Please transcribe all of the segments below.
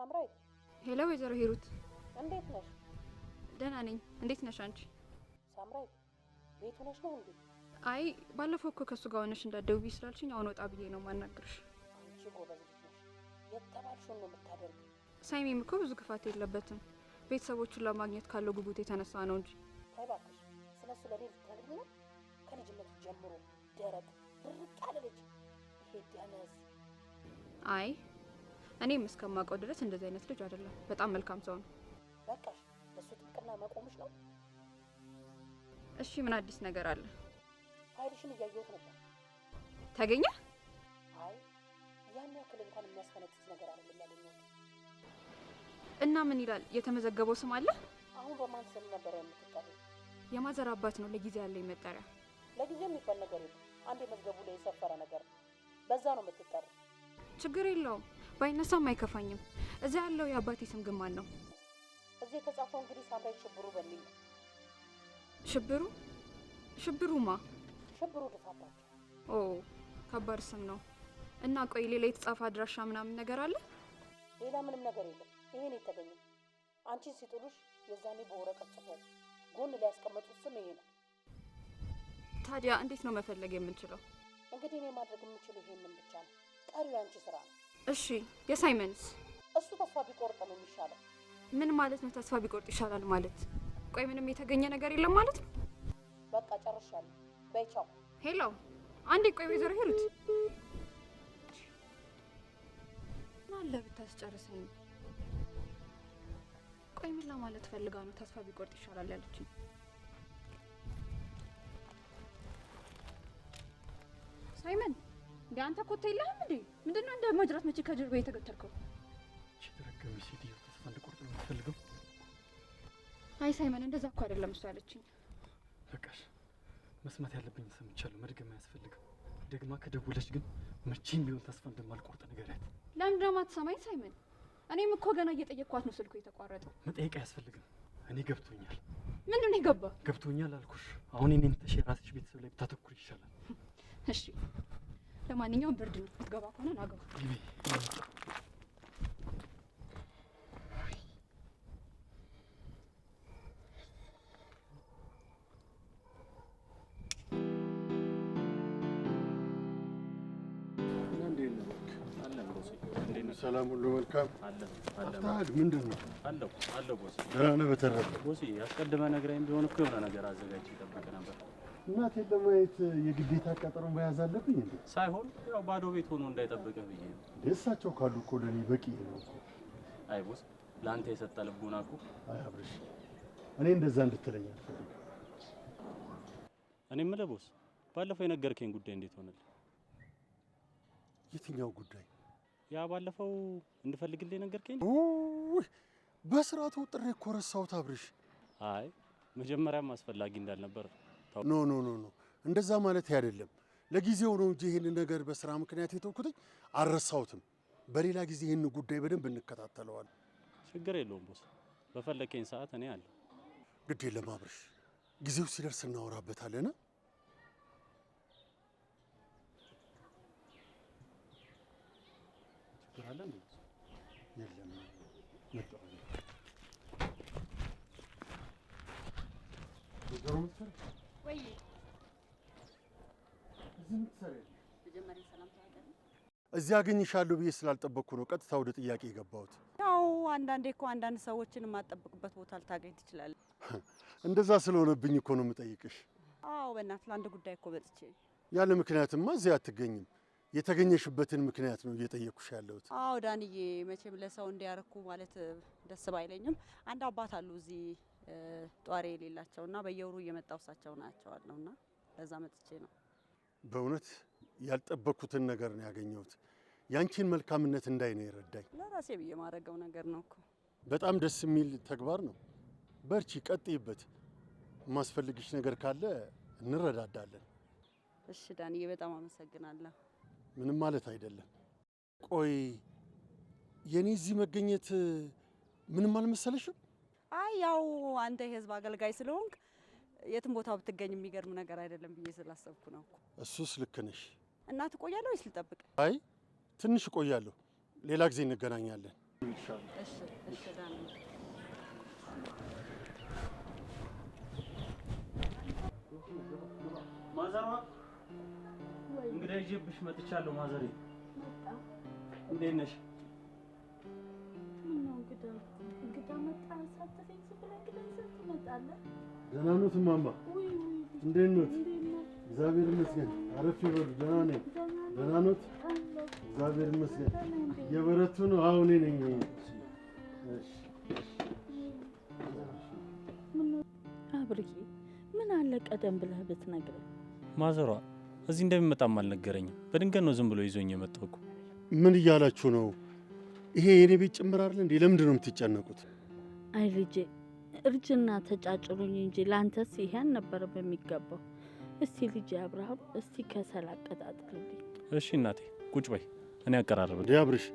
ሳምራዊት። ሄሎ ወይዘሮ ሂሩት እንዴት ነሽ? ደህና ነኝ። እንዴት ነሽ አንቺ? ሳምራዊት ቤት ሆነሽ ነው እንዴ? አይ ባለፈው እኮ ከእሱ ጋር ሆነሽ እንዳትደውይ ስላልሽኝ አሁን ወጣ ብዬ ነው ማናግርሽ። አንቺ ጎበዝ ልጅ ነሽ፣ የተባልሽውን ነው ሳይሚም እኮ ብዙ ክፋት የለበትም ቤተሰቦቹን ለማግኘት ካለው ጉጉት የተነሳ ነው እንጂ ስለ እሱ ነው? ከልጅነቱ ጀምሮ ደረቅ ድርቅ ያለ ልጅ ይሄ ደነዝ። አይ እኔም እስከማውቀው ድረስ እንደዚህ አይነት ልጅ አይደለም። በጣም መልካም ሰው ነው። በቃሽ፣ እሱ ጥብቅና መቆምሽ ነው። እሺ፣ ምን አዲስ ነገር አለ? ፋይልሽን እያየሁት ነበር። ተገኘ? አይ፣ ያን ያክል እንኳን የሚያስፈነጥስ ነገር አይደለም ያገኘሁት። እና ምን ይላል? የተመዘገበው ስም አለ? አሁን በማን ስም ነበር የምትጠሪው? የማዘር አባት ነው ለጊዜ ያለኝ መጠሪያ። ለጊዜ የሚባል ነገር የለም። አንድ የመዝገቡ ላይ የሰፈረ ነገር ነው። በዛ ነው የምትጠሪው። ችግር የለውም ባይነሳም አይከፋኝም። እዛ ያለው የአባቴ ስም ግማን ነው። እዚህ የተጻፈው እንግዲህ ሳምራዊት ሽብሩ በሚል ሽብሩ ሽብሩ ማ ሽብሩ ድፋባቸው። ኦ ከባድ ስም ነው። እና ቆይ ሌላ የተጻፈ አድራሻ ምናምን ነገር አለ? ሌላ ምንም ነገር የለም። ይሄን የተገኘ አንቺን ሲጥሉሽ የዛኔ በወረቀት ጽፎ ጎን ሊያስቀመጡት ስም ይሄ ነው። ታዲያ እንዴት ነው መፈለግ የምንችለው? እንግዲህ እኔ ማድረግ የምችለው ይሄንን ብቻ ነው። ቀሪው የአንቺ ስራ ነው። እሺ የሳይመንስ እሱ ተስፋ ቢቆርጥ ነው የሚሻለው። ምን ማለት ነው? ተስፋ ቢቆርጥ ይሻላል ማለት? ቆይ ምንም የተገኘ ነገር የለም ማለት ነው? በቃ ጨርሻለሁ። በይ ቻው። ሄሎ፣ አንዴ ቆይ። ወይዘሮ ሂሩት ማለ ብታስጨርሰኝ። ቆይ ምን ለማለት ፈልጋ ነው ተስፋ ቢቆርጥ ይሻላል ያለችኝ? ሳይመን እንዴ አንተ ኮት የለህም እንዴ? ምንድነው እንደ መጅራት መቼ ከጀርባ የተገተርከው? እቺ ተረከበ ሴትዮ ተስፋ እንድቆርጥ ነው የምትፈልገው? አይ ሳይመን፣ እንደዛ እኮ አይደለም እሱ አለችኝ። በቃሽ፣ መስማት ያለብኝ ሰምቻለሁ። መድገም አያስፈልግም። ደግማ ከደወለች ግን መቼም ቢሆን ተስፋ እንደማልቆርጥ ንገሪያት። ለምንድን ነው የማትሰማኝ ሳይመን? እኔም እኮ ገና እየጠየቅኳት ነው ስልኩ የተቋረጠው። መጠየቅ አያስፈልግም። እኔ ገብቶኛል። ምን ነው የገባ? ገብቶኛል አልኩሽ። አሁን እኔን ተሽ የራስሽ ቤተሰብ ላይ ብታተኩር ይሻላል። እሺ ለማንኛውም ብርድ ነው። ትገባ ከሆነ ና ግባ። ሰላም ሁሉ መልካም አፍታድ ምንድን ነው? ደህና ነህ? በተረፈ አስቀድመህ ነግራኝ ቢሆን እኮ የሆነ ነገር አዘጋጅ ይጠብቅ ነበር። እናቴ ለማየት የግዴታ ቀጠሮን መያዝ አለብኝ እንዴ? ሳይሆን ያው ባዶ ቤት ሆኖ እንዳይጠብቅህ ብዬ ነው። ደሳቸው ካሉ እኮ ለእኔ በቂ ነው እኮ። አይ ቦስ፣ ለአንተ የሰጠ ልቡና እኮ። አይ አብርሽ፣ እኔ እንደዛ እንድትለኝ አልፈልግም። እኔ የምልህ ቦስ፣ ባለፈው የነገርከኝ ጉዳይ እንዴት ሆነልህ? የትኛው ጉዳይ? ያ ባለፈው እንድፈልግልህ የነገርከኝ። በስርዓቱ ጥሬ እኮ ረሳሁት አብርሽ። አይ መጀመሪያም አስፈላጊ እንዳልነበር ኖ ኖ ኖ ኖ እንደዛ ማለት አይደለም። ለጊዜው ነው እንጂ ይህን ነገር በስራ ምክንያት የተውኩትኝ አልረሳሁትም። በሌላ ጊዜ ይህን ጉዳይ በደንብ እንከታተለዋል። ችግር የለውም ቦስ፣ በፈለከኝ ሰዓት እኔ አለ። ግድ የለም አብርሽ፣ ጊዜው ሲደርስ እናወራበታለን። ችግር አለ እዚህ አገኝሻለሁ ብዬ ስላልጠበቅኩ ነው ቀጥታ ወደ ጥያቄ የገባሁት። ያው አንዳንዴ እኮ አንዳንድ ሰዎችን የማጠብቅበት ቦታ ልታገኝ ትችላለህ። እንደዛ ስለሆነብኝ እኮ ነው የምጠይቅሽ። አዎ በእናትህ ለአንድ ጉዳይ እኮ መጥቼ ያለ ምክንያትማ እዚህ አትገኝም። የተገኘሽበትን ምክንያት ነው እየጠየኩሽ ያለሁት። አዎ ዳንዬ፣ መቼም ለሰው እንዲያረኩ ማለት ደስ ባይለኝም አንድ አባት አሉ እዚህ ጧሪ የሌላቸውና በየወሩ እየመጣው እሳቸው ናቸዋለሁና ለዛ መጥቼ ነው በእውነት ያልጠበኩትን ነገር ነው ያገኘሁት። ያንቺን መልካምነት እንዳይ ነው የረዳኝ። ለራሴ ብዬ ማድረገው ነገር ነው እኮ። በጣም ደስ የሚል ተግባር ነው። በርቺ፣ ቀጥይበት። የማስፈልግሽ ነገር ካለ እንረዳዳለን። እሺ ዳንዬ፣ በጣም አመሰግናለሁ። ምንም ማለት አይደለም። ቆይ የኔ እዚህ መገኘት ምንም አልመሰለሽም? አይ ያው አንተ የህዝብ አገልጋይ ስለሆንክ የትም ቦታ ብትገኝ የሚገርም ነገር አይደለም ብዬ ስላሰብኩ ነው። እሱስ ልክ ነሽ። እና ቆያለሁ ወይስ ልጠብቅ? አይ ትንሽ እቆያለሁ። ሌላ ጊዜ እንገናኛለን። ማዘሯ ይዤብሽ መጥቻለሁ። ማዘሬ እንዴት ነሽ? እንግዳ መጣ እንግዳ ይዘህ ትመጣለህ? ደህና ኖት እማማ? እንዴት ኖት? እግዚአብሔር ይመስገን። አረፍ ይበሉ። ደህና ነኝ። ደህና እግዚአብሔር ይመስገን። የበረቱ ነው። አዎ እኔ ነኝ። አብርዬ ምን አለ ቀደም ብለህ ብትነግረኝ። ማዘሯ እዚህ እንደሚመጣም አልነገረኝም። በድንገት ነው ዝም ብሎ ይዞኝ የመጣው እኮ። ምን እያላችሁ ነው? ይሄ የኔ ቤት ጭምር አይደል እንዴ? ለምንድን ነው የምትጨነቁት? አይ ልጄ እርጅና ተጫጭሩኝ እንጂ ለአንተስ ይሄን ነበረ በሚገባው። እስቲ ልጅ አብርሃም እስቲ ከሰል አቀጣጥልልኝ። እሺ እናቴ ቁጭ በይ፣ እኔ አቀራረብ አብርሽ።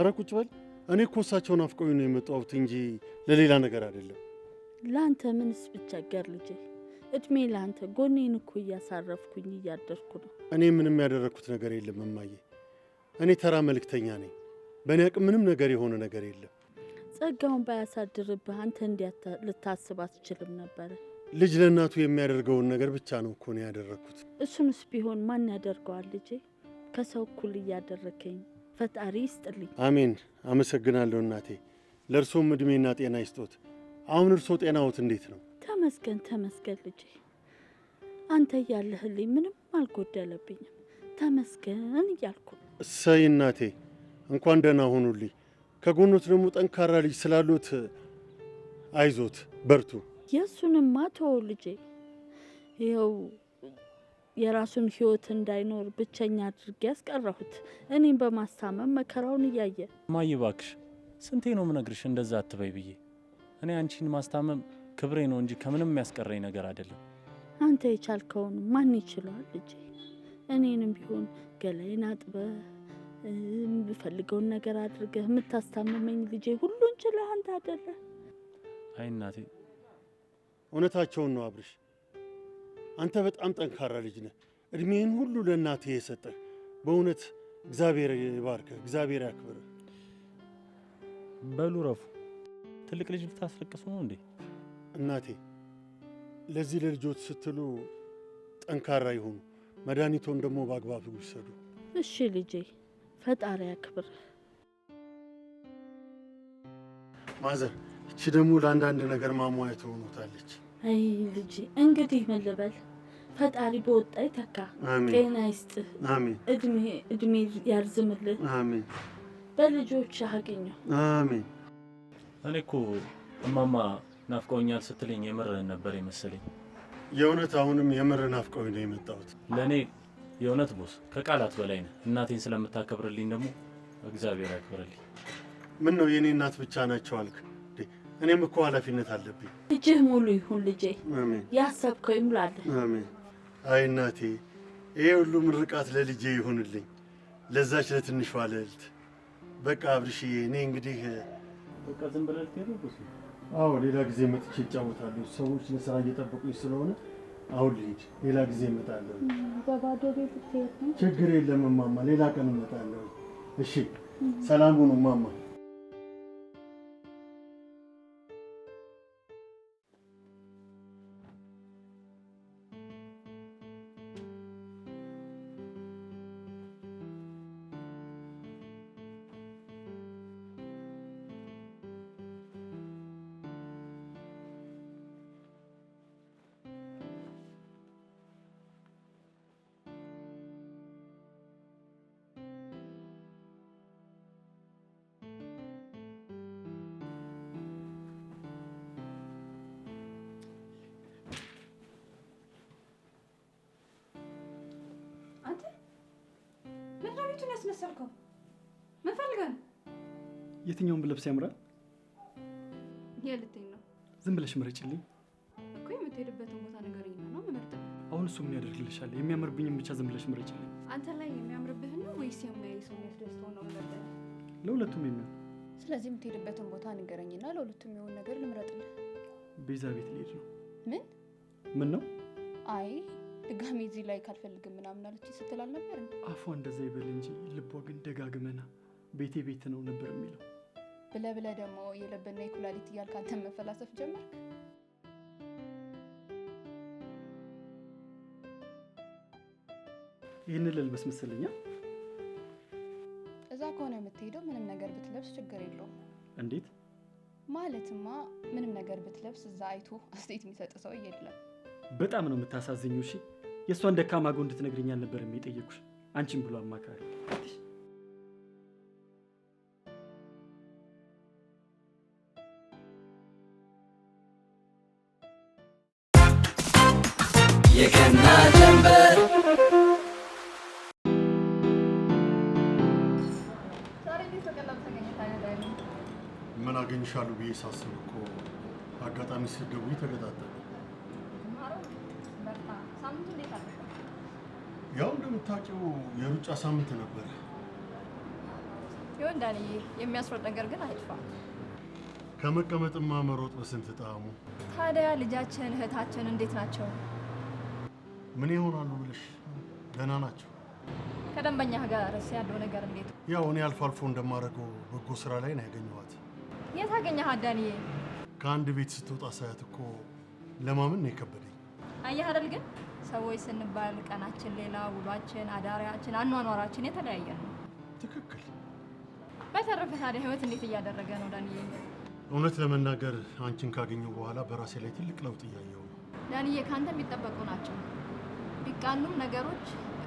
አረ ቁጭ በል። እኔ እኮ እሳቸውን አፍቆኝ ነው የመጣሁት እንጂ ለሌላ ነገር አይደለም። ለአንተ ምንስ ብቸገር ልጄ፣ እድሜ ለአንተ። ጎኔን እኮ እያሳረፍኩኝ እያደርኩ ነው። እኔ ምንም ያደረግኩት ነገር የለም እማዬ። እኔ ተራ መልእክተኛ ነኝ። በእኔ አቅም ምንም ነገር የሆነ ነገር የለም። ጸጋውን ባያሳድርብህ አንተ እንዲያት ልታስብ አትችልም ነበረ። ልጅ ለእናቱ የሚያደርገውን ነገር ብቻ ነው እኮ ነው ያደረግኩት። እሱንስ ቢሆን ማን ያደርገዋል? ልጄ ከሰው እኩል እያደረከኝ ፈጣሪ ይስጥልኝ። አሜን። አመሰግናለሁ እናቴ። ለእርሶም እድሜና ጤና ይስጦት። አሁን እርሶ ጤናዎት እንዴት ነው? ተመስገን ተመስገን ልጄ። አንተ እያለህልኝ ምንም አልጎደለብኝም። ተመስገን እያልኩ እሰይ እናቴ፣ እንኳን ደህና ሆኑልኝ። ከጎኖት ደግሞ ጠንካራ ልጅ ስላሉት አይዞት በርቱ። የእሱንማ ተወው ልጄ። ይኸው የራሱን ህይወት እንዳይኖር ብቸኛ አድርጌ ያስቀረሁት እኔም በማስታመም መከራውን እያየ ማይ እባክሽ፣ ስንቴ ነው ምነግርሽ እንደዛ አትበይ ብዬ። እኔ አንቺን ማስታመም ክብሬ ነው እንጂ ከምንም የሚያስቀረኝ ነገር አይደለም። አንተ የቻልከውን ማን ይችሏል ልጄ። እኔንም ቢሆን ገላይን አጥበ የምፈልገውን ነገር አድርገህ የምታስታምመኝ ልጄ፣ ሁሉን እንችለ አንተ አደረ። አይ እናቴ፣ እውነታቸውን ነው አብርሽ። አንተ በጣም ጠንካራ ልጅ ነህ። እድሜህን ሁሉ ለእናቴ የሰጠህ በእውነት እግዚአብሔር ይባርከህ፣ እግዚአብሔር ያክብርህ። በሉ ረፉ። ትልቅ ልጅ ልታስለቅሱ ነው እንዴ? እናቴ፣ ለዚህ ለልጆች ስትሉ ጠንካራ ይሁኑ። መድኃኒቶን ደግሞ በአግባቡ ይውሰዱ። እሺ ልጄ። ፈጣሪ ያክብር። ማዘር እቺ ደግሞ ለአንዳንድ ነገር ማሟያ ትሆኖታለች። አይ ልጅ እንግዲህ ምን ልበል፣ ፈጣሪ በወጣ ይተካ፣ ጤና ይስጥህ፣ አሜን። እድሜ እድሜ ያርዝምልህ፣ አሜን። በልጆች አገኘው። አሜን። እኔ እኮ እማማ ናፍቀውኛል ስትልኝ የምር ነበር የመሰለኝ። የእውነት አሁንም የምር ናፍቀውኝ ነው የመጣሁት ለእኔ የእውነት ቦስ ከቃላት በላይ ነህ። እናቴን ስለምታከብርልኝ ደግሞ እግዚአብሔር ያክብርልኝ። ምን ነው የእኔ እናት ብቻ ናቸው አልክ? እኔም እኮ ኃላፊነት አለብኝ። ልጅህ ሙሉ ይሁን ልጄ፣ ያሰብከው ይሙላልህ። አሜን። አይ እናቴ፣ ይሄ ሁሉ ምርቃት ለልጄ ይሁንልኝ፣ ለዛች ለትንሿ ልዕልት። በቃ አብርሽዬ፣ እኔ እንግዲህ በቃ ዝም ብለህ ልትሄድ ነው? አዎ፣ ሌላ ጊዜ መጥቼ እጫወታለሁ። ሰዎች ለስራ እየጠበቁኝ ስለሆነ አሁን ልሂድ፣ ሌላ ጊዜ እመጣለሁ። በባዶ ቤት ችግር የለም እማማ፣ ሌላ ቀን እመጣለሁ። እሺ፣ ሰላም ሁኑ እማማ። አስመሰልከው? ምን ፈልገህ ነው? የትኛውን ብለብስ ያምራል? የልትኝ ነው። ዝም ብለሽ ምረጭልኝ እኮ። የምትሄድበትን ቦታ ንገረኝ ነው የምመርጠው። አሁን እሱ ምን ያደርግልሻል? የሚያምርብኝም ብቻ ዝም ብለሽ ምረጭልኝ። አንተ ላይ የሚያምርብህን ነው ወይስ የሚያይ ሰው የሚያስደስተው ነው የምመርጠው? ለሁለቱም የሚሆን ስለዚህ የምትሄድበትን ቦታ ንገረኝና ለሁለቱም የሆን ነገር ልምረጥልህ። ቤዛ ቤት ልሄድ ነው። ምን ምን ነው? አይ ድጋሜ እዚህ ላይ ካልፈልግም ምናምን አለች ስትል አልነበር? አፏ እንደዛ ይበል እንጂ ልቧ ግን ደጋግመና ቤቴ ቤት ነው ነበር የሚለው። ብለ ብለ ደግሞ የለበና የኩላሊት እያልክ አንተ መፈላሰፍ ጀመርክ። ይህንን ልልበስ መሰለኛ። እዛ ከሆነ የምትሄደው ምንም ነገር ብትለብስ ችግር የለውም። እንዴት ማለትማ? ምንም ነገር ብትለብስ እዛ አይቶ አስተያየት የሚሰጥ ሰው የለም። በጣም ነው የምታሳዝኙ። እሺ የእሷን ደካማ ጎን እንድትነግሪኝ አልነበረም የጠየኩሽ? አንቺም ብሎ አማካሪ የገና ጀንበር ምን አገኝሻለሁ ብዬ ሳስብ እኮ አጋጣሚ ስደውይ ተገጣጠለ። እንደምታውቂው የሩጫ ሳምንት ነበረ። ይሁን ዳንዬ፣ የሚያስሮጥ ነገር ግን አይጥፋ። ከመቀመጥማ መሮጥ በስንት ጣዕሙ። ታዲያ ልጃችን እህታችን እንዴት ናቸው? ምን ይሆናሉ ብልሽ፣ ደህና ናቸው። ከደንበኛ ጋር ያለው ነገር እንዴት? ያው እኔ አልፎ አልፎ እንደማደርገው በጎ ስራ ላይ ነው ያገኘኋት። የት አገኘሃት ዳንዬ? ከአንድ ቤት ስትወጣ ሳያት እኮ ለማመን ነው የከበደኝ። አየህ አይደል ግን ሰዎች ስንባል ቀናችን ሌላ፣ ውሏችን፣ አዳሪያችን፣ አኗኗራችን የተለያየ ነው። ትክክል። በተረፈ ታዲያ ህይወት እንዴት እያደረገ ነው ዳንዬ? እውነት ለመናገር አንቺን ካገኘው በኋላ በራሴ ላይ ትልቅ ለውጥ እያየው ነው ዳንዬ። ከአንተ የሚጠበቁ ናቸው። ቢቃኑም ነገሮች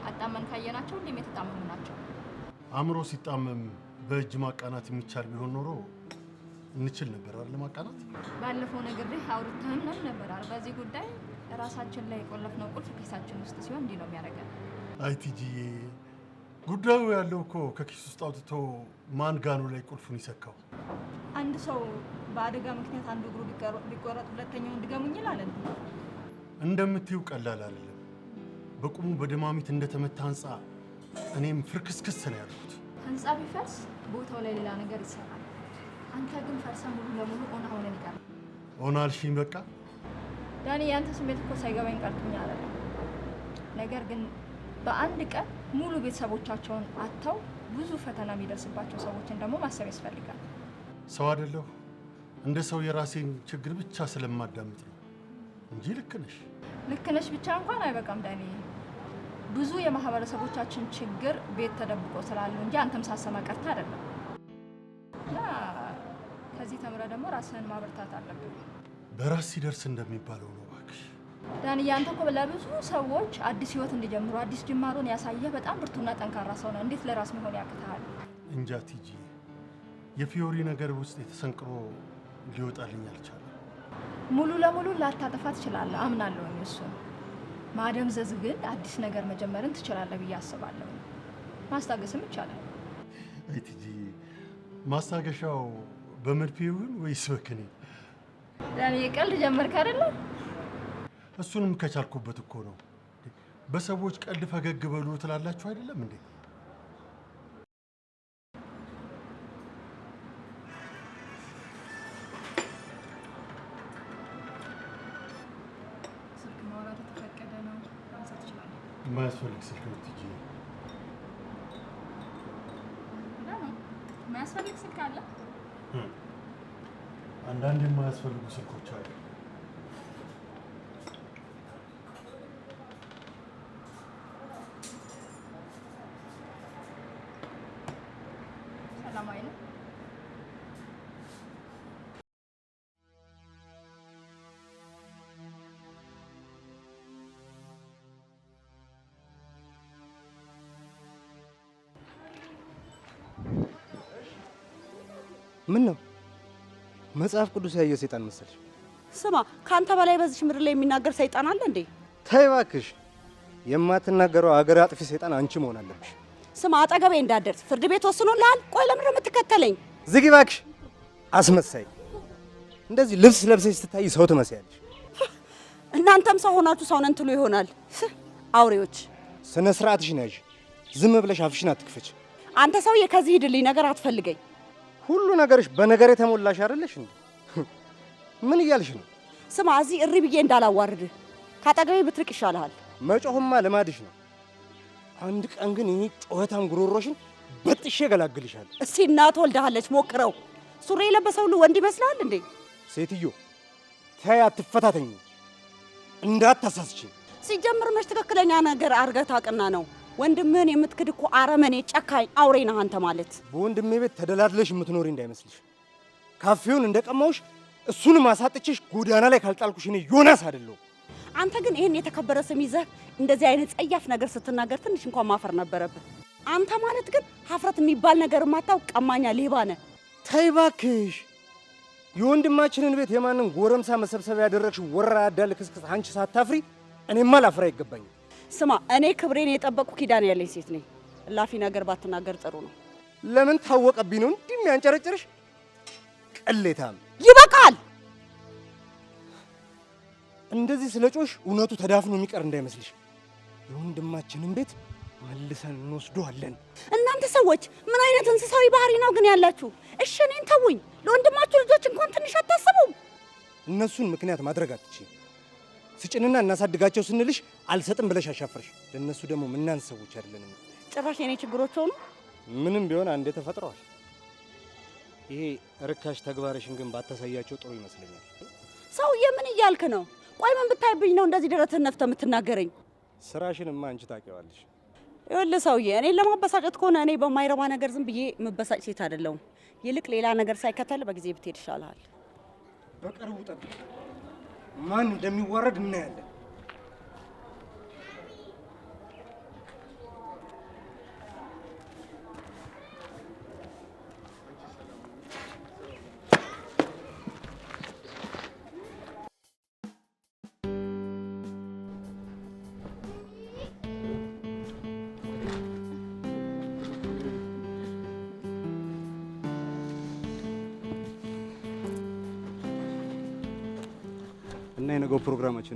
አጣመን ካየናቸው ሁሌም የተጣመሙ ናቸው። አእምሮ ሲጣመም በእጅ ማቃናት የሚቻል ቢሆን ኖሮ እንችል ነበር አይደል? ማቃናት ባለፈው ነገር አውርተህም ነበር በዚህ ጉዳይ ራሳችን ላይ የቆለፍነው ቁልፍ ኪሳችን ውስጥ ሲሆን እንዲህ ነው የሚያደርገን። አይቲጂዬ ጉዳዩ ያለው እኮ ከኪስ ውስጥ አውጥቶ ማንጋኑ ላይ ቁልፉን ይሰካው። አንድ ሰው በአደጋ ምክንያት አንዱ እግሩ ቢቆረጥ ሁለተኛው ድገሙኝ ይላል። እንደምትይው ቀላል አይደለም። በቁሙ በደማሚት እንደተመታ ህንፃ እኔም ፍርክስክስ ነው ያልኩት። ህንፃ ቢፈርስ ቦታው ላይ ሌላ ነገር ይሰራል። አንተ ግን ፈርሰ ሙሉ ለሙሉ ኦና ሆነን ይቀር ኦና አልሽኝ በቃ ዳኒ የአንተ ስሜት እኮ ሳይገባኝ ቀርቶኝ አለ። ነገር ግን በአንድ ቀን ሙሉ ቤተሰቦቻቸውን አጥተው ብዙ ፈተና የሚደርስባቸው ሰዎችን ደግሞ ማሰብ ያስፈልጋል። ሰው አይደለሁ እንደ ሰው የራሴን ችግር ብቻ ስለማዳምጥ ነው እንጂ ልክ ነሽ ልክ ነሽ ብቻ እንኳን አይበቃም ዳኒ። ብዙ የማህበረሰቦቻችን ችግር ቤት ተደብቆ ስላለው እንጂ አንተም ሳሰማ ቀርታ አይደለም። ከዚህ ተምረ ደግሞ ራስህን ማበርታት አለብን። በራስ ሲደርስ እንደሚባለው ነው። እባክሽ ዳንዬ፣ አንተ እኮ ለብዙ ሰዎች አዲስ ህይወት እንዲጀምሩ አዲስ ጅማሮን ያሳየ በጣም ብርቱና ጠንካራ ሰው ነው። እንዴት ለራስ መሆን ያቅተሃል? እንጃ ቲጂ፣ የፊዮሪ ነገር ውስጥ የተሰንቅሮ ሊወጣልኝ አልቻለ። ሙሉ ለሙሉ ላታጠፋ ትችላለህ፣ አምናለሁ እሱ ማደምዘዝ ግን አዲስ ነገር መጀመርን ትችላለህ ብዬ አስባለሁ። ማስታገስም ይቻላል። አይ ቲጂ፣ ማስታገሻው በመድፌ ይሁን ወይስ በክኔ? ቀልድ ጀመርክ አይደለ? እሱንም ከቻልኩበት እኮ ነው። በሰዎች ቀልድ ፈገግ በሉ ትላላችሁ አይደለም እንዴ? የማያስፈልግ ስልክ ነው የማያስፈልግ ስልክ አለ አንዳንድ የማያስፈልጉ ስልኮች አሉ። ምን ነው መጽሐፍ ቅዱስ ያየው ሰይጣን መሰለሽ? ስማ፣ ከአንተ በላይ በዚህ ምድር ላይ የሚናገር ሰይጣን አለ እንዴ? ተይ እባክሽ፣ የማትናገረው አገር አጥፊ ሰይጣን አንቺ መሆን አለብሽ። ስማ፣ አጠገቤ እንዳደርስ ፍርድ ቤት ወስኖልሃል። ቆይ ለምንድን ነው የምትከተለኝ? ዝጊ እባክሽ። አስመሳይ! እንደዚህ ልብስ ለብሰሽ ስትታይ ሰው ትመስያለሽ። እናንተም ሰው ሆናችሁ ሰው ነን ትሉ ይሆናል። አውሬዎች፣ ስነ ስርዓትሽን ያዥ። ዝም ብለሽ አፍሽን አትክፈች። አንተ ሰውዬ ከዚህ ሂድልኝ፣ ነገር አትፈልገኝ። ሁሉ ነገርሽ በነገር የተሞላሽ አይደለሽ እንዴ? ምን እያልሽ ነው? ስማ እዚህ እሪ ብዬ እንዳላዋርድ ካጠገቤ ብትርቅ ይሻልሃል። መጮህማ ልማድሽ ነው። አንድ ቀን ግን ይሄ ጮኸታም ጉሮሮሽን በጥሼ ገላግልሻል። እስቲ እናት ወልዳሃለች፣ ሞክረው። ሱሪ የለበሰው ሁሉ ወንድ ይመስልሃል እንዴ? ሴትዮ ተይ፣ አትፈታተኝ፣ እንዳታሳስች። ሲጀምር መች ትክክለኛ ነገር አድርገህ ታውቅና ነው ወንድምህን የምትክድ እኮ አረመኔ፣ ጨካኝ፣ አውሬ ነህ አንተ ማለት። በወንድሜ ቤት ተደላድለሽ የምትኖሪ እንዳይመስልሽ። ካፌውን እንደቀማውሽ እሱን ማሳጥችሽ ጎዳና ላይ ካልጣልኩሽ እኔ ዮናስ አይደለሁ። አንተ ግን ይህን የተከበረ ስም ይዘህ እንደዚህ አይነት ጸያፍ ነገር ስትናገር ትንሽ እንኳን ማፈር ነበረብህ። አንተ ማለት ግን ሀፍረት የሚባል ነገር የማታውቅ ቀማኛ ሌባ ነህ። ተይ እባክሽ። የወንድማችንን ቤት የማንን ጎረምሳ መሰብሰቢያ ያደረግሽ ያዳል ክስክስ፣ አንቺ ሳታፍሪ፣ እኔማ ላፍራ ይገባኛል። ስማ፣ እኔ ክብሬን የጠበቁ ኪዳን ያለኝ ሴት ነኝ። እላፊ ነገር ባትናገር ጥሩ ነው። ለምን ታወቀብኝ ነው እንዲህ የሚያንጨረጭርሽ? ቅሌታም ይበቃል። እንደዚህ ስለ ጮሽ እውነቱ ተዳፍኖ የሚቀር እንዳይመስልሽ የወንድማችንን ቤት መልሰን እንወስደዋለን። እናንተ ሰዎች ምን አይነት እንስሳዊ ባህሪ ነው ግን ያላችሁ? እሺ እኔን ተውኝ፣ ለወንድማችሁ ልጆች እንኳን ትንሽ አታስቡም? እነሱን ምክንያት ማድረግ አትችይም። ስጭንና እናሳድጋቸው ስንልሽ አልሰጥም ብለሽ አሻፈርሽ። ለእነሱ ደግሞ ምናን ሰዎች አይደለንም። ጭራሽ የኔ ችግሮች ሆኑ። ምንም ቢሆን አንዴ ተፈጥረዋል። ይሄ ርካሽ ተግባርሽን ግን ባታሳያቸው ጥሩ ይመስለኛል። ሰውዬ ምን እያልክ ነው? ቆይ ምን ብታይብኝ ነው እንደዚህ ደረትህን ነፍተህ የምትናገረኝ? ስራሽንማ አንቺ ታውቂዋለሽ። ይኸውልህ ሰውዬ፣ እኔን ለማበሳጨት ከሆነ እኔ በማይረባ ነገር ዝም ብዬ የምበሳጭ ሴት አይደለሁም። ይልቅ ሌላ ነገር ሳይከተል በጊዜ ብትሄድ ይሻልሃል። በቅርቡ ጠብቅ። ማን እንደሚዋረድ እናያለን።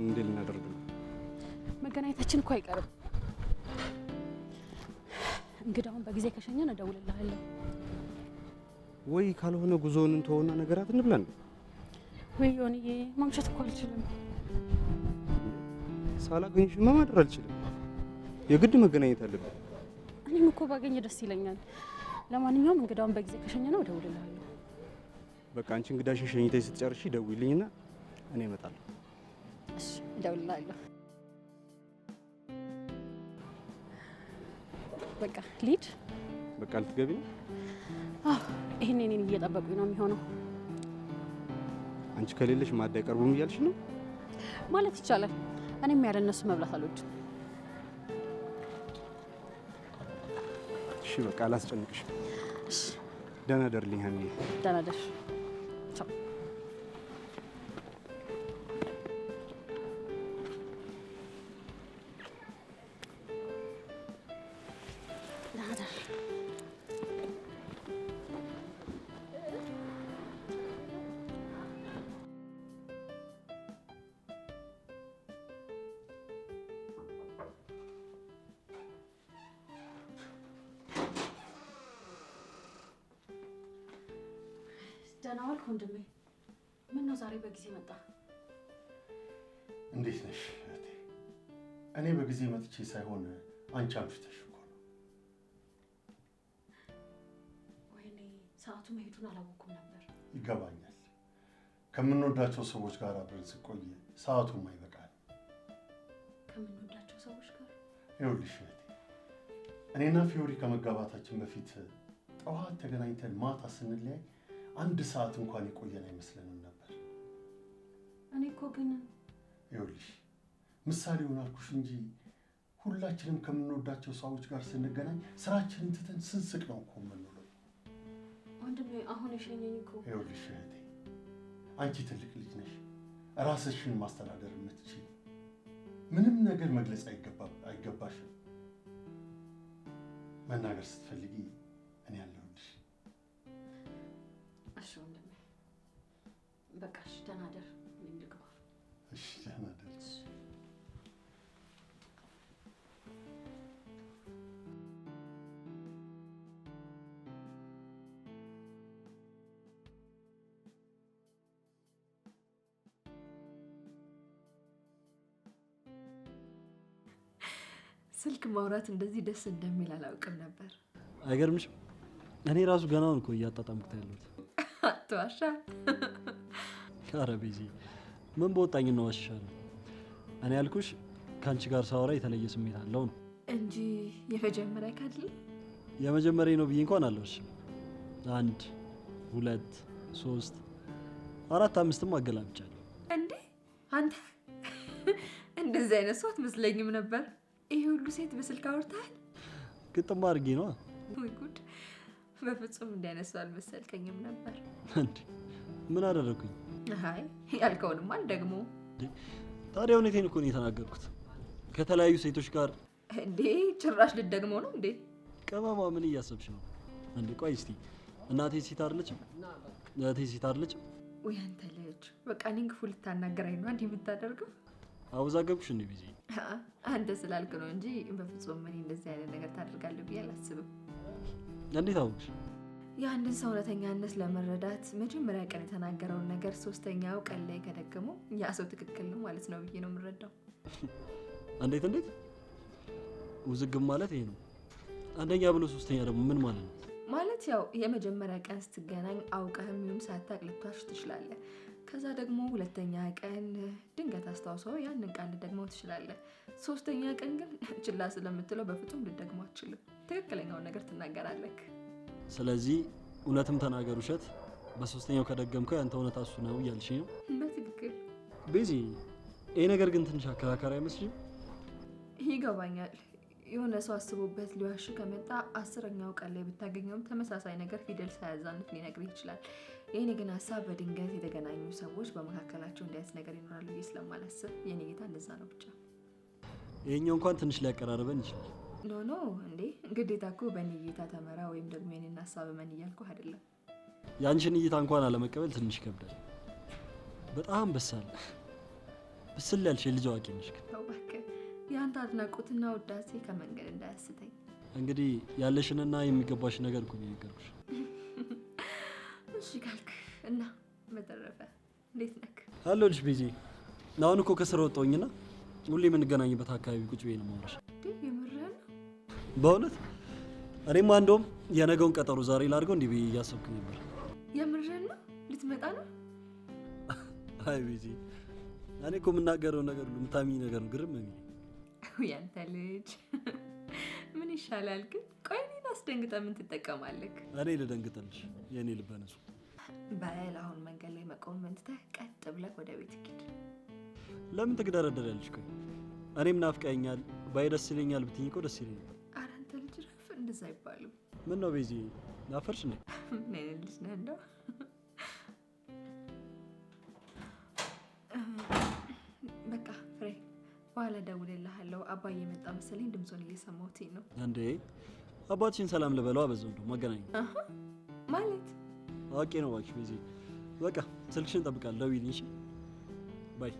መገናኘታችን እንዴ ልናደርግ ነው? መገናኘታችን እኮ አይቀርም። እንግዳውን በጊዜ ከሸኘን እደውልልሃለሁ። ወይ ካልሆነ ጉዞውን እንተወና ነገራት እንብላን። ወይ ዮንዬ፣ ማምሸት እኮ አልችልም። ሳላገኝሽማ ማደር አልችልም። የግድ መገናኘት አለብን። እኔም እኮ ባገኘ ደስ ይለኛል። ለማንኛውም እንግዳውን በጊዜ ከሸኘ ነው እደውልልሃለሁ። በቃ አንቺ እንግዳሽን ሸኝተሽ ስትጨርሺ ደውይልኝና እኔ እመጣለሁ። እደውልልሃለሁ። በቃ ልሂድ። በቃ ልትገቢ ነው? አዎ፣ እኔን እየጠበቁኝ ነው የሚሆነው። አንቺ ከሌለሽ ማዕድ አይቀርቡም እያልሽ ነው ማለት ይቻላል። እኔም ያለ እነሱ መብላት አልወድም። እሺ፣ በቃ አላስጨንቅሽ። ደህና ደርልኝ ደህና ደህና ዋልክ ወንድሜ። ነው ዛሬ በጊዜ መጣ? እንዴት ነሽ እህቴ? እኔ በጊዜ መጥቼ ሳይሆን አንቺ አምሽተሽ እኮ ነው። ወይኔ ሰዓቱ መሄዱን አላወኩም ነበር። ይገባኛል። ከምንወዳቸው ሰዎች ጋር አብረን ስቆይ ሰዓቱም አይበቃል። ከምንወዳቸው ሰዎች ጋር ይኸውልሽ እህቴ፣ እኔና ፊዮሪ ከመጋባታችን በፊት ጠዋት ተገናኝተን ማታ ስንለያይ አንድ ሰዓት እንኳን የቆየን አይመስለንም ነበር። እኔ እኮ ግን ይኸውልሽ ምሳሌ ሆናልኩሽ እንጂ ሁላችንም ከምንወዳቸው ሰዎች ጋር ስንገናኝ ስራችንን ትተን ስንስቅ ነው እኮ የምንውለው። ወንድሜ አሁን የሸኘኝ እኮ ይኸውልሽ እህቴ፣ አንቺ ትልቅ ልጅ ነሽ፣ ራስሽን ማስተዳደር የምትችል ምንም ነገር መግለጽ አይገባሽም። መናገር ስትፈልጊ በቃ እሺ፣ ደህና ደር። እኔም ልግባ። እሺ፣ ደህና ደር። ስልክ ማውራት እንደዚህ ደስ እንደሚል አላውቅም ነበር። አይገርምሽም? እኔ ራሱ ገናውን እኮ እያጣጣምኩት ያለሁት አትዋሻ ኧረ ቤዛ ምን ነው ዋሻለሁ። እኔ ያልኩሽ ከአንቺ ጋር ሳወራ የተለየ ስሜት አለው ነው እንጂ የመጀመሪያ ካለ የመጀመሪያ ነው ብዬ እንኳን አልወሽም። አንድ ሁለት ሶስት አራት አምስትም አገላብጫለሁ። እንዴ አንተ እንደዚህ አይነት ሰው አትመስለኝም ነበር። ይሄ ሁሉ ሴት በስልክ አውርተሃል? ግጥም አድርጌ ነው ወይ ጉድ! በፍጹም እንዲህ አይነት ሰው አልመሰልከኝም ነበር። ምን አደረኩኝ? አይ ያልከውንማ ደግሞ ታዲያ እውነቴን እኮ ነው የተናገርኩት። ከተለያዩ ሴቶች ጋር እንዴ? ጭራሽ ልደግሞ ነው እንዴ? ቅመማ ምን እያሰብሽ ነው እንዴ? ቆይ እስቲ እናቴ ሴት አይደለችም? እናቴ ሴት አይደለችም? ወይ አንተ ልጅ፣ በቃ እኔን ክፉ ልታናገረኝ ነው እንዴ የምታደርገው? አወዛገብኩሽ እንዴ? ቢዚ አንተ ስላልክ ነው እንጂ በፍጹም እኔ እንደዚህ አይነት ነገር ታደርጋለህ ብዬ አላስብም። እንዴት አወቅሽ? የአንድን ሰው እውነተኛነት ለመረዳት መጀመሪያ ቀን የተናገረውን ነገር ሶስተኛው ቀን ላይ ከደገሙ ያ ሰው ትክክል ነው ማለት ነው ብዬ ነው የምረዳው እንዴት እንዴት ውዝግብ ማለት ይሄ ነው። አንደኛ ብሎ ሶስተኛ ደግሞ ምን ማለት ነው? ማለት ያው የመጀመሪያ ቀን ስትገናኝ አውቀህም ይሁን ሳታቅ ልታሽ ትችላለህ። ከዛ ደግሞ ሁለተኛ ቀን ድንገት አስታውሰው ያንን ቃል ልደግመው ትችላለህ። ሶስተኛ ቀን ግን ችላ ስለምትለው በፍጹም ልደግመው አችልም። ትክክለኛውን ነገር ትናገራለህ። ስለዚህ እውነትም ተናገር ውሸት በሶስተኛው ከደገምከው ያንተ እውነት እሱ ነው እያልሽ ነው። በትክክል ቤዚ። ይሄ ነገር ግን ትንሽ አከራካሪ ይህ ይገባኛል። የሆነ ሰው አስቦበት ሊዋሽ ከመጣ አስረኛው ቀን ላይ ብታገኘውም ተመሳሳይ ነገር ፊደል ሳያዛነት ሊነግር ይችላል። የእኔ ግን ሀሳብ በድንገት የተገናኙ ሰዎች በመካከላቸው እንዲህ ነገር ይኖራል ብዬ ስለማላስብ የኔ ጌታ እንደዛ ነው ብቻ። ይህኛው እንኳን ትንሽ ሊያቀራርበን ይችላል። ኖ ኖ እንዴ ግዴታ እኮ በእኔ እይታ ተመራ ወይም ደግሞ የኔን ሀሳብ መን እያልኩ አይደለም። የአንቺን እይታ እንኳን አለመቀበል ትንሽ ይከብዳል። በጣም በሳል ብስል ያልሽ የልጅ አዋቂ ነሽ። የአንተ አድናቆትና ውዳሴ ከመንገድ እንዳያስተኝ። እንግዲህ ያለሽንና የሚገባሽ ነገር እኮ ነገርኩሽ። እሺ ካልክ እና በተረፈ እንዴት ነክ አለሁልሽ ቤዚ። አሁን እኮ ከስራ ወጣሁኝና ሁሌ የምንገናኝበት አካባቢ ቁጭ ብዬ ነው የማወራሽ በእውነት እኔማ እንደውም የነገውን ቀጠሮ ዛሬ ላድርገው እንዲህ ብዬ እያሰብኩኝ ነበር። የምርህን ነው? ልትመጣ ነው? አይ ቢዚ፣ እኔ እኮ የምናገረው ነገር ሁሉ የምታምኚ ነገር ነው። ግርም ነው ያንተ ልጅ። ምን ይሻላል ግን? ቆይ እኔን አስደንግጠህ ምን ትጠቀማለህ? እኔ ልደንግጥልሽ የእኔ ልበነሱ በል አሁን መንገድ ላይ መቆም መንትተህ ቀጥ ብለህ ወደ ቤት ሂድ። ለምን ትግደረደሪያለሽ? ቆይ እኔም ናፍቀኸኛል። ባይ ደስ ይለኛል ብትይኝ እኮ ደስ ይለኛል። እንደዛ አይባልም። ምን ነው ቤዚ ናፈርሽ እንዴ? ምን ልጅ ነህ እንደው። በቃ ፍሬ በኋላ ደውልልሃለሁ። አባዬ የመጣ መሰለኝ ድምፁን እየሰማሁት ነው። እንዴ አባትሽን ሰላም ልበለው። አበዛው እንደው መገናኘት ማለት አዋቂ ነው። እባክሽ ቤዚ በቃ ስልክሽን እጠብቃለሁ። ደውይልኝ። ባይ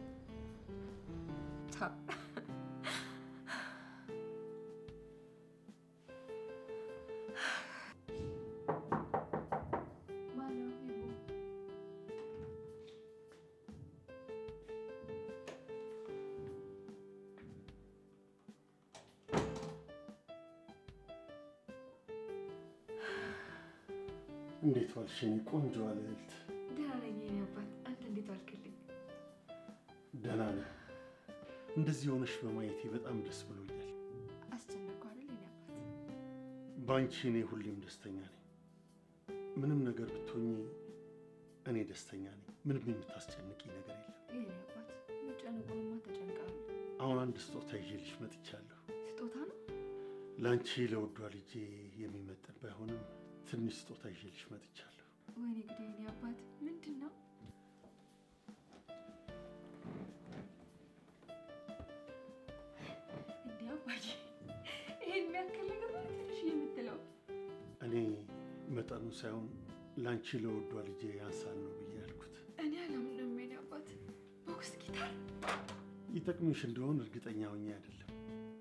እንዴት ዋልሽ የኔ ቆንጆ አለልት? ደህና ነኝ የኔ አባት፣ አንተ እንዴት ዋልክልኝ? ደህና እንደዚህ የሆነሽ በማየቴ በጣም ደስ ብሎኛል። አስጨነቅኩ አይደል አባት? በአንቺ እኔ ሁሌም ደስተኛ ነኝ። ምንም ነገር ብትሆኚ እኔ ደስተኛ ነኝ። ምንም የምታስጨንቂ ነገር የለም አባት። መጨነቁንማ ተጨንቃለሁ። አሁን አንድ ስጦታ ይዤልሽ መጥቻለሁ። ስጦታ ነው? ለአንቺ ለወዷ ልጄ የሚመጥን ባይሆንም ትንሽ ስጦታ ይዤልሽ መጥቻለሁ። ወይኔ እኔ አባት ምንድን ነው? እኔ መጠኑ ሳይሆን ለአንቺ ለወዷ ልጄ ያንሳል ነው ብዬ ያልኩት። እኔ አለም የእኔ አባት ቦክስ ጊታር ይጠቅምሽ እንደሆን እርግጠኛ ሆኜ አይደለም፣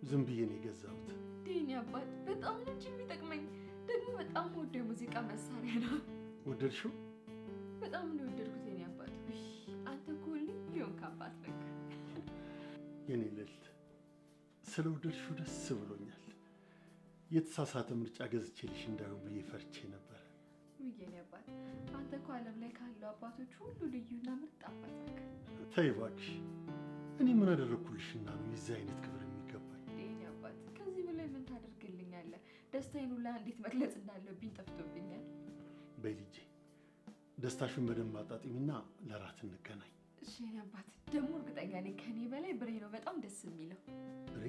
ዝም ብዬ ነው የገዛሁት። የእኔ አባት በጣም ልጅ የሚጠቅመኝ ደግሞ በጣም ወደ የሙዚቃ መሳሪያ ነው። ወደድሽው? በጣም ነው የወደድኩት። የኔ አባት አንተ እኮ ሊሆን ከአባት ነህ። የኔ ልዕልት ስለ ወደድሽው ደስ ብሎኛል። የተሳሳተ ምርጫ ገዝቼልሽ እንዳይሆን ብዬ ፈርቼ ነበር። ውዬኔ አባት አንተ እኮ ዓለም ላይ ካሉ አባቶች ሁሉ ልዩና ምርጥ አባት ነህ። ተይ እባክሽ፣ እኔ ምን አደረግኩልሽና ነው የዚህ አይነት ክብር ደስታዬን ሁላ እንዴት መግለጽ እንዳለብኝ ጠፍቶብኛል። በይ ልጄ ደስታሽን በደንብ አጣጢሚና ለራት እንገናኝ። እሺ አባት። ደግሞ እርግጠኛ ነኝ ከኔ በላይ ብሬ ነው በጣም ደስ የሚለው። ብሬ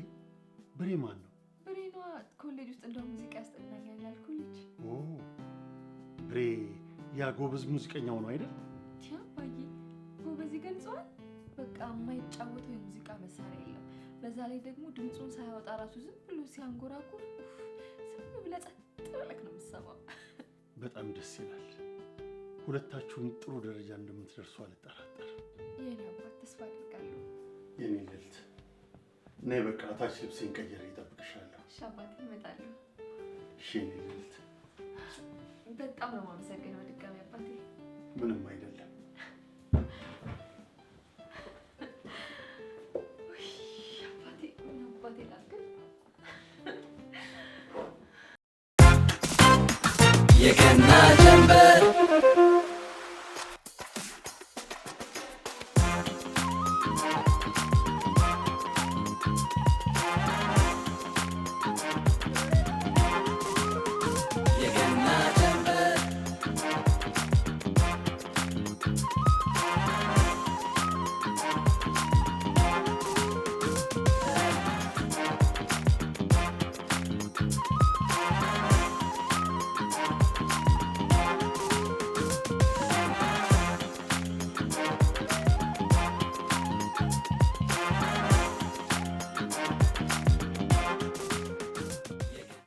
ብሬ ማን ነው? ብሬ ነዋ ኮሌጅ ውስጥ እንደው ሙዚቃ ያስጠናኛል ያልኩ ልጅ። ኦ ብሬ ያ ጎበዝ ሙዚቀኛው ነው አይደል? ቲያ አባዬ፣ ጎበዝ ይገልጸዋል። በቃ የማይጫወተው የሙዚቃ መሳሪያ የለም። በዛ ላይ ደግሞ ድምፁን ሳያወጣ ራሱ ዝም ብሎ ሲያንጎራጉር ብለህ ጸጥ ብለህ ነው የምትሰማው። በጣም ደስ ይላል። ሁለታችሁም ጥሩ ደረጃ እንደምትደርሱ አልጠራጠርም። የኔ አባት ተስፋ አድርጋለሁ። የኔ ልዕልት እና በቃ ታች ልብሴን ቀይሬ እጠብቅሻለሁ። እሺ አባቴ እመጣለሁ። እሺ የኔ ልዕልት በጣም ነው የማመሰግነው ድጋሚ አባቴ። ምንም አይደለም። Not.